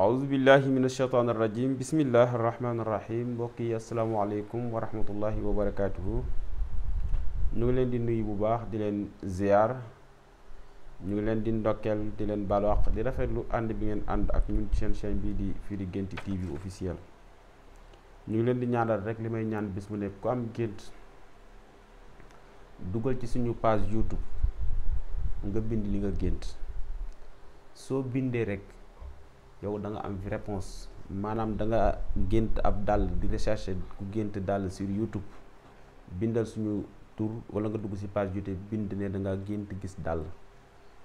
aousubillahi min asheytaan irrajim bismillahi arrahmani irrahim mbokk yi asalaamaaleykum wa rahmatullahi wa barakatuhu ñu ngi leen di nuyu bu baax di leen ziar ñu ngi leen di ndokkeel di leen balwaq di rafetlu ànd bi ngeen ànd ak ñun seen chaîne bii di Firi Guent TV officiel ñu ngi leen di ñaanal rek li may ñaan bis bu ku am gént dugal ci suñu page YouTube nga bind li nga gént soo bindee rek yow da am réponse maanaam da nga gént ab dàll di recherche ku gént dàll sur YouTube bindal suñu tur wala nga dugg si page YouTube bind ne da nga gént gis dàll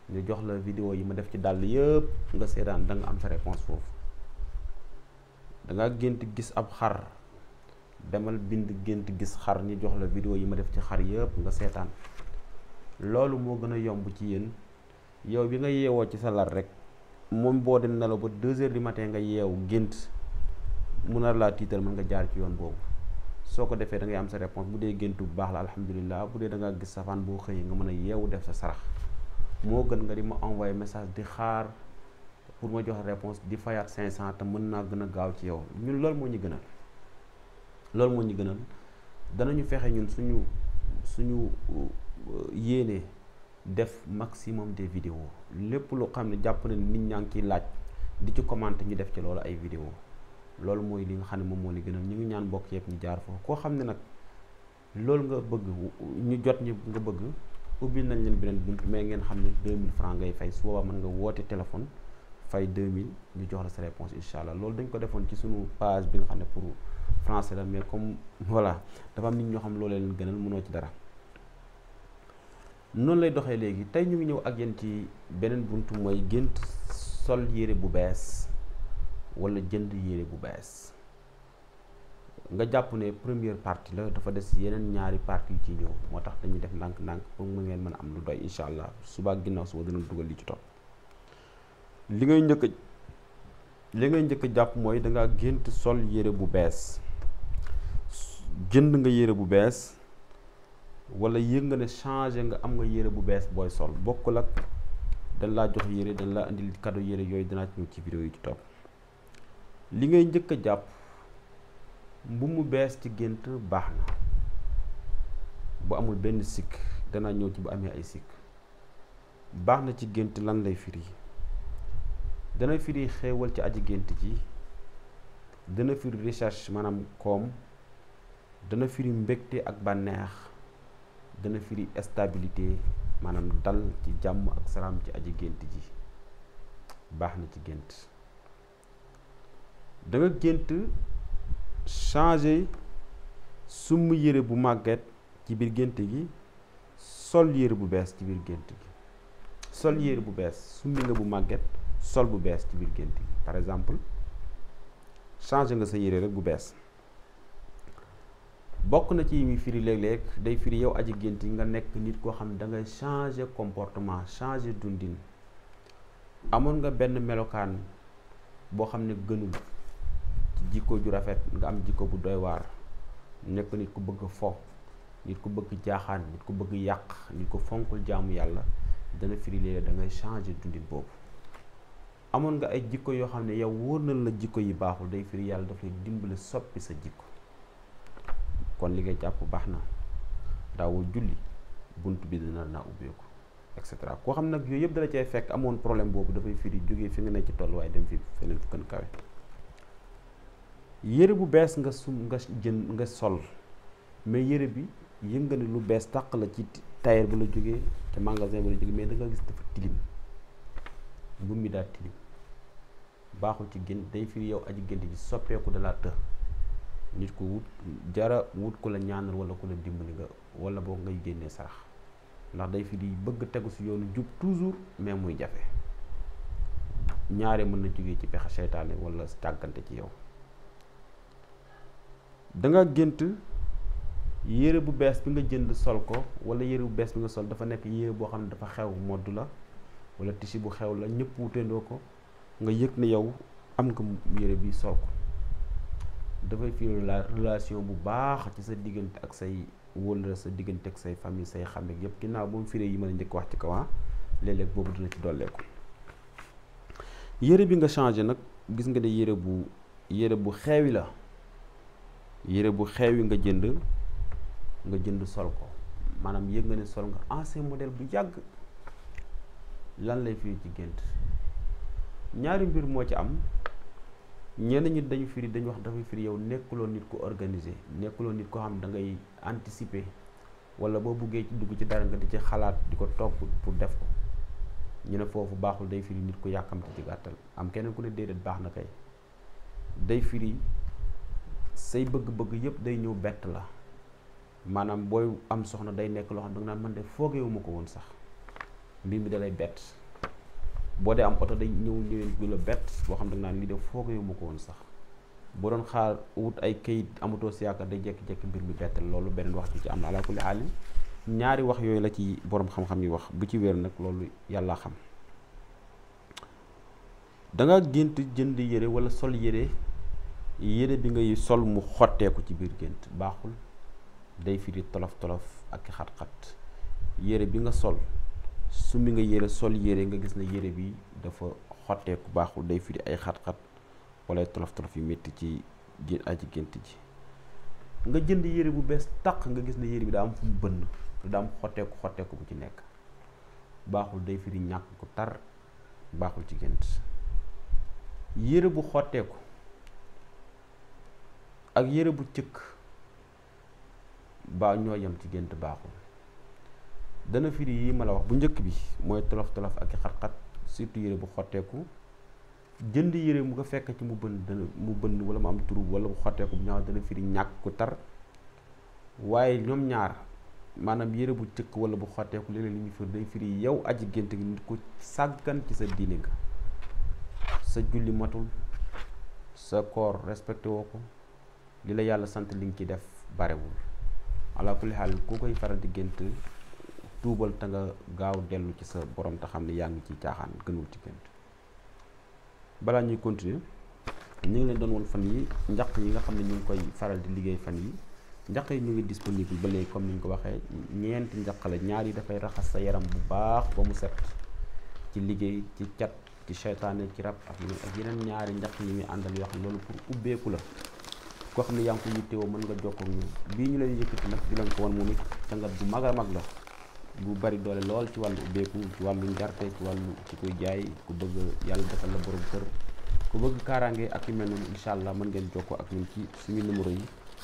ñu jox la vidéo yi ma def ci dàll yëpp nga seetaan da nga am sa réponse foofu da gént gis ab xar demal bind gént gis xar ñu jox la vidéo yi ma def ci xar yëpp nga seetaan loolu moo gën a yomb ci yéen yow bi nga yeewoo ci sa lal rek moom boo dem nelaw ba deux heures du matin nga yeewu gént mun nar laa tiital mën nga jaar ci yoon boobu soo ko defee dangay am sa réponse bu dee géntu bu baax la alhamdulilah bu dee da gis safaan boo xëyee nga mën a yeewu def sa sarax moo gën nga di ma envoyé message di xaar pour ma jox réponse di fayaat 500 te mën naa gën a gaaw ci yow ñun loolu moo ñu gënal loolu moo ñu gënal danañu fexe ñun suñu suñu uh, yéene def maximum des vidéos lépp lu xam ne jàpp na nit ñaa ngi ciy laaj di ci commenter ñu def ci loolu ay vidéo loolu mooy li nga xam ne moom moo li gënal ñu ngi ñaan bokk yëpp ñu jaar foofu koo xam ne nag loolu nga bëgg ñu jot ñu nga bëgg ubbil nañ leen beneen bunt mais ngeen xam ne 2000 francs ngay fay su boobaa mën nga woote téléphone fay 2000 ñu jox la sa réponse incha allah loolu dañ ko defoon ci suñu page bi nga xam ne pour français la mais comme voilà dafa am nit ñoo xam leen gënal mënoo ci dara noonu lay doxee léegi tey ñu ngi ñëw ak yéen ci beneen buntu mooy gént sol yére bu bees walla jënd yére bu bees nga jàpp ne première partie la dafa des yeneen ñaari partie yu ci ñëw moo tax dañuy def nànk nànk pour mu ngeen mën a am lu doy incha allah suba ak ginnaaw suba dugal li ci topp li ngay njëkk li ngay njëkk jàpp mooy danga gént sol yére bu bees jënd nga yére bu bees. wala yëg nga ne changé nga am nga yére bu bees booy sol bokkul ak dañ laa jox yére dañ laa indil cadeau yére yooyu dana ci ci vidéo yi ci topp li ngay njëkk a jàpp mbu mu bees ci gént baax na bu amul benn sikk dana ñëw ci bu amee ay sikk baax na ci gént lan lay firi dana firi xéewal ci aji gént ji dana firi recherche maanaam koom dana firi mbégte ak bànneex gën firi stabilité maanaam dal ci jàmm ak salaam ci aji gént ji baax na ci gént da gént changer summ yére bu màgget ci biir gént gi sol yére bu bees ci biir gént gi sol yére bu bees summi bu màgget sol bu bees ci biir gént gi par exemple changer nga sa yére rek bu bees bokk na ci muy firi léeg-léeg day firi yow aji gént nga nekk nit koo xam ne da ngay changer comportement changer dundin amoon nga benn melokaan boo xam ne gënul ci jikko ju rafet nga am jikko bu doy waar nekk nit ku bëgg fo nit ku bëgg jaaxaan nit ko bëgg yàq nit ko fonkul jaamu yàlla dana firi léeg-léeg da ngay changer dundin boobu amoon nga ay jikko yoo xam ne yow wóor na la jikko yi baaxul day firi yàlla daf lay dimbali soppi sa jikko kon li ngay jàpp baax na daawul julli bunt bi dina na ubbeeku et cetera koo xam nag yooyu yëpp dala cay fekk amoon problème boobu dafay firi jógee fi nga ne ci tolluwaay dem fi feneen fu gën kawe yére bu bees nga sum nga jën nga sol mais yére bi yënga ne lu bees tàq la ci tailleur bu la jógee te magasin bu la jógee mais da nga gis dafa tilim bu mi daa tilim baaxul ci gént day firi yow aji gént ji soppeeku da laa të nit ku wut jara wut ku la ñaanal wala ku la dimb li nga wala boo ngay génnee sarax ndax day fi di bëgg tegu si yoonu jub toujours mais muy jafe ñaare mën na jógee ci pexe seytaane wala tàggante ci yow da nga gént yére bu bees bi nga jënd sol ko wala yére bu bees bi nga sol dafa nekk yére boo xam ne dafa xew modd la wala tisi bu xew la ñëpp wutendoo ko nga yëg ne yow am nga yére bi sol ko dafay firi la relation bu baax ci sa diggante ak say wóllare sa diggante ak say famille say xam ak yëpp ginnaaw ba mu firee yi mën a njëkk wax ci kaw ah, léeg-léeg boobu dina ci dolleeku yére bi nga changé nag gis nga ne yére bu yére bu xeewi la yére bu xeewi nga jënd nga jënd sol ko maanaam yëg nga ne sol nga ancien modèle bu yàgg lan lay firi ci gént ñaari mbir moo ci am ñenn ñi dañu firi dañu wax dafa firi yow nekkuloo nit ku organisé nekkuloon nit ko xam da ngay anticiper wala boo buggee ci dugg ci dara nga di ci xalaat di ko topp pour def ko ñu ne foofu baaxul day firi nit ku yàkkamte ci gàttal am keneen ku ne déedéet baax na kay day firi say bëgg-bëgg yëpp day ñëw bett la maanaam booy am soxna day nekk loo xam da nga naan man de foogeewuma ko woon sax mbir mi dalay bett boo dee am oto dañ ñëw ñëween du la bett boo xam ne naan lii de foo ko yóbbu ko woon sax boo doon xaar wut ay kayit amutoo si yaakaar day jékki-jékki mbir mi bett loolu beneen wax ju ci am na alaakulli aalim ñaari wax yooyu la ci boroom xam-xam yi wax bu ci wér nag loolu yàlla xam danga gént jënd yére wala sol yére yére bi ngay sol mu xotteeku ci biir gént baaxul day firi tolof tolof ak xat-xat yére bi nga sol summi nga yére sol yére nga gis na yére bi dafa xotteeku baaxul day firi ay xat-xat wala tolof-tolof yu métti ci gén gént ji nga jënd yére bu bees taq nga gis ne yére bi daa am fu bënn daa am xotteeku xotteeku bu ci nekk baaxul day firi ñàkk ku tar baaxul ci gént yére bu xotteeku ak yére bu cëkk baa ñoo yem ci gént baaxul dana firi yi ma la wax bu njëkk bi mooy tolof tolof ak i xat-xat surtout yére bu xotteeku jënd yére mu nga fekk ci mu bënn dana mu bënn wala mu am turub wala mu xotteeku bu ñaaw dana firi ñàkk ku tar waaye ñoom ñaar maanaam yére bu jëkk wala bu xotteeku léeg-léeg li ñu firi day firi yow aji gént gi nit ku sàggan ci sa diine nga sa julli matul sa koor respecté woo ko li la yàlla sant li nga ci def barewul ala kulli xaal koy faral di gént tuubal te nga gaaw dellu ci sa boroom te xam ne yaa ngi ciy caaxaan gënul ci gént balaa ñuy continuer ñu ngi leen doon woon fan yi njaq yi nga xam ne ñu ngi koy faral di liggéey fan yi njaq yi ñu ngi disponible ba léegi comme ni ñu ko waxee ñeenti njaq la ñaar yi dafay raxas sa yaram bu baax ba mu set ci liggéey ci cat ci seytaane ci rab ak yeneen ñaari njaq yi muy àndal yoo xam loolu pour ubbeeku la koo xam ne yaa ngi ko yittewoo mën nga jokkoo ak ñun bii ñu bu mag a mag la bu bari doole lool ci wàllu ubbeeku ci wàllu njarte ci wàllu ci koy jaay ku bëgg yàlla defal la borom kër ku bëgg kaaraange ak yu mel noonu incha allah mën ngeen jokkoo ak ñun ci suñu numéro yi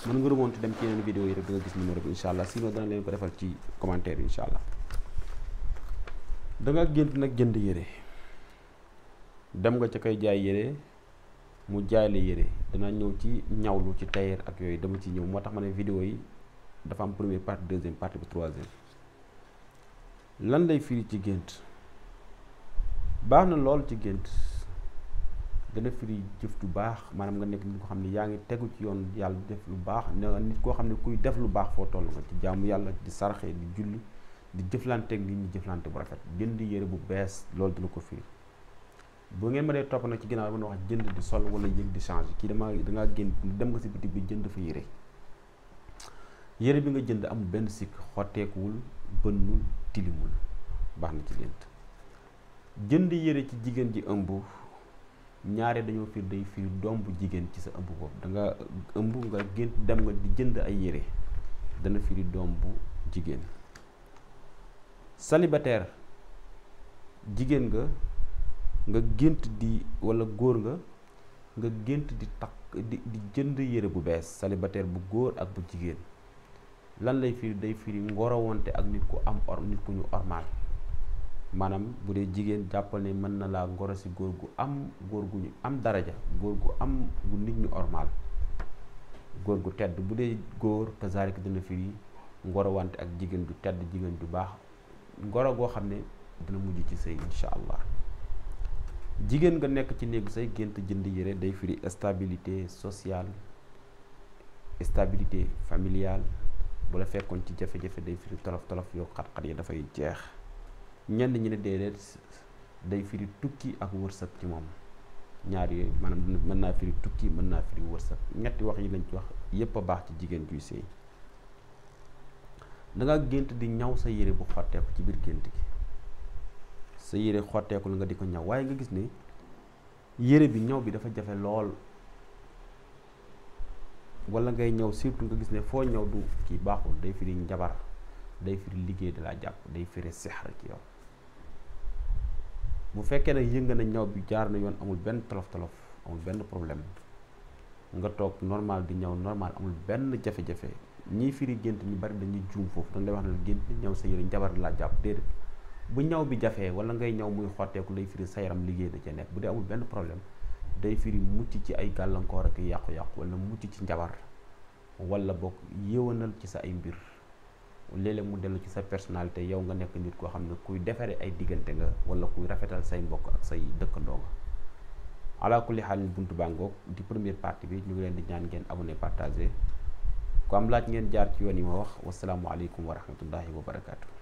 mën nga remonté dem ci yeneen vidéo yi rek di gis numéro bi incha allah sinon dana leen ko defal ci commentaire yi incha allah da gént nag jënd yére dem nga ca koy jaay yére mu jaay la yére dana ñëw ci ñawlu ci tailleur ak yooyu dama ci ñëw moo tax ma ne vidéo yi dafa am première partie deuxième partie bu troisième lan lay firi ci gént baax na lool ci gént dana firi jëf ju baax maanaam nga nekk nit ko xam ne yaa ngi tegu ci yoon yàlla def lu baax nit koo xam ne kuy def lu baax foo toll nga ci jaamu yàlla di sarxe di julli di jëflante ak ni ñi jëflante bu rafet jënd yére bu bees loolu dina ko firi bu ngeen ma dee topp nag ci ginnaaw dama wax jënd di sol wala yëg di changer kii dama dangaa génn dem nga si biti bi jënd fa yére yére bi nga jënd amul benn sikk xotteekuwul bënnul tilimul baax na ci jënd yére ci jigéen ji ëmb ñaare dañoo fiir day fiir doom bu jigéen ci sa ëmb boobu da nga ëmb nga gént dem nga di jënd ay yére dana firi doom bu jigéen célibataire jigéen nga nga gént di walla góor nga nga gént di takk di di jënd yére bu bees célibataire bu góor ak bu jigéen lan lay firi day firi wante ak nit ku am or nit ku ñu ormaal maanaam bu dee jigéen jàppal ne mën na laa ngoro si góor gu am góor gu ñu am daraja góor gu am gu nit ñu ormaal góor gu tedd bu dee góor kazaalik dina firi wante ak jigéen ju tedd jigéen ju baax ngoro goo xam ne dina mujj ci sëy incha allah jigéen nga nekk ci néegu say gént jënd yére day firi stabilité sociale stabilité familiale bu la fekkoon ci jafe-jafe day firi tolof tolof yoo xat-xat yi dafay jeex ñenn ñi ne déedéet day firi tukki ak wërsëg ci moom ñaar yooyu maanaam mën naa firi tukki mën naa firi wërsëg ñetti wax yi lañ ci wax yépp a baax ci jigéen juy sëy danga gént di ñaw sa yére bu xotteeku ci biir gént gi sa yére xotteeku la nga di ko ñaw waaye nga gis ne yére bi ñaw bi dafa jafe lool wala ngay ñëw surtout nga gis ne foo ñëw du kii baaxul day firi njabar day firi liggéey da laa jàpp day firi sexar ci yow bu fekkee ne yënga na ñaw bi jaar na yoon amul benn tolof-tolof amul benn problème nga toog normal di ñaw normal amul benn jafe-jafe ñiy firi gént ñu bari dañuy juum foofu dañ lay wax ne gént ñaw sa yére njabar laa jàpp déedéet bu ñaw bi jafee wala ngay ñaw muy xotteeku lay firi sa yaram liggéey da cee nekk bu dee amul benn problème day firi mucc ci ay gàllankoor ak yàqu-yàqu wala mucc ci njabar wala boog yéwanal ci sa ay mbir léeg mu dellu ci sa personnalité yow nga nekk nit koo xam ne kuy defaree ay diggante nga wala kuy rafetal say mbokk ak say dëkkandoo nga ala kulli xaal buntu bàngoog di première partie bi ñu ngi leen di ñaan ngeen abonné partagé ku am laaj ngeen jaar ci yoon yi ma wax wasalaamualeykum wa rahmatullahi wa barakaatu.